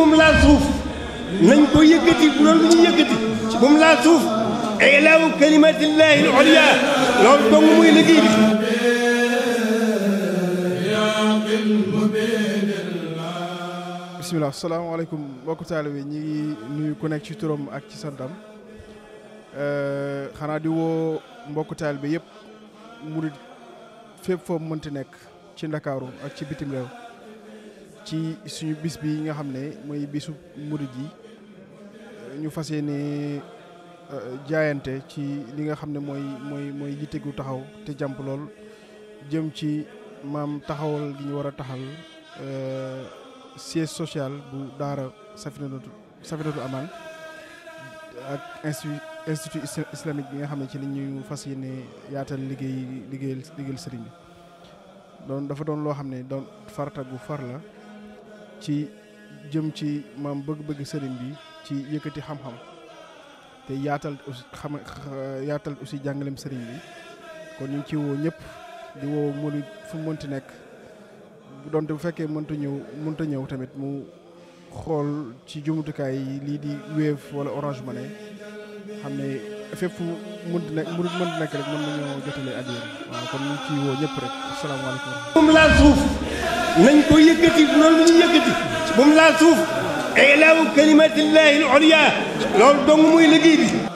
bu mu laal suuf nañ ko yëkkati bu doon lu ñu yëkkati bu mu laal suuf ilaawu kalimatillahi al-ulya loolu dong muy liggéey bi bisimilah salaamaaleykum mbokku taalibe ñi ngi nuyu ku nekk ci turam ak ci santam eh, xanaa di woo mbokku taalibe yëpp murid fépp foo mënti nekk ci ndakaaru ak ci bitim réew ci suñu bis bi nga xam ne mooy bisu murid ji ñu fas yéene euh, jaayante ci li nga xam ne mooy mooy mooy yitte gu taxaw te jàmp lool jëm ci maam taxawal gi ñu war a taxal euh, siège social bu daara safinatu safinatu amaan ak institut institut islamique bi nga xam ne ci la ñuy fas yéene yaatal liggéey liggéeyal liggéeyal sëriñ bi doon dafa doon loo xam ne doon farta gu far la ci jëm ci maam bëgg-bëgg sëriñ bi ci yëkkati xam-xam te yaatal aussi xam yaatal aussi jàngaleem sëriñ bi kon ñu ngi ci woo ñëpp di woo murid fu mu mënti nekk bu doonte bu fekkee mënta ñëw mënta ñëw tamit mu xool ci jumtukaay yi lii di Wave wala Orange Money xam ne fépp mënut nekk mënut nekk rek mën nañoo jotale ak yéen waaw kon ñu ciy woo ñëpp rek asalaamaaleykum. bu mu laal suuf nañ ko yëkkati loolu la ñuy yëkkati bu mu suuf ilaahu kalimatillahi al-ulya loolu dong muy liggéey bi.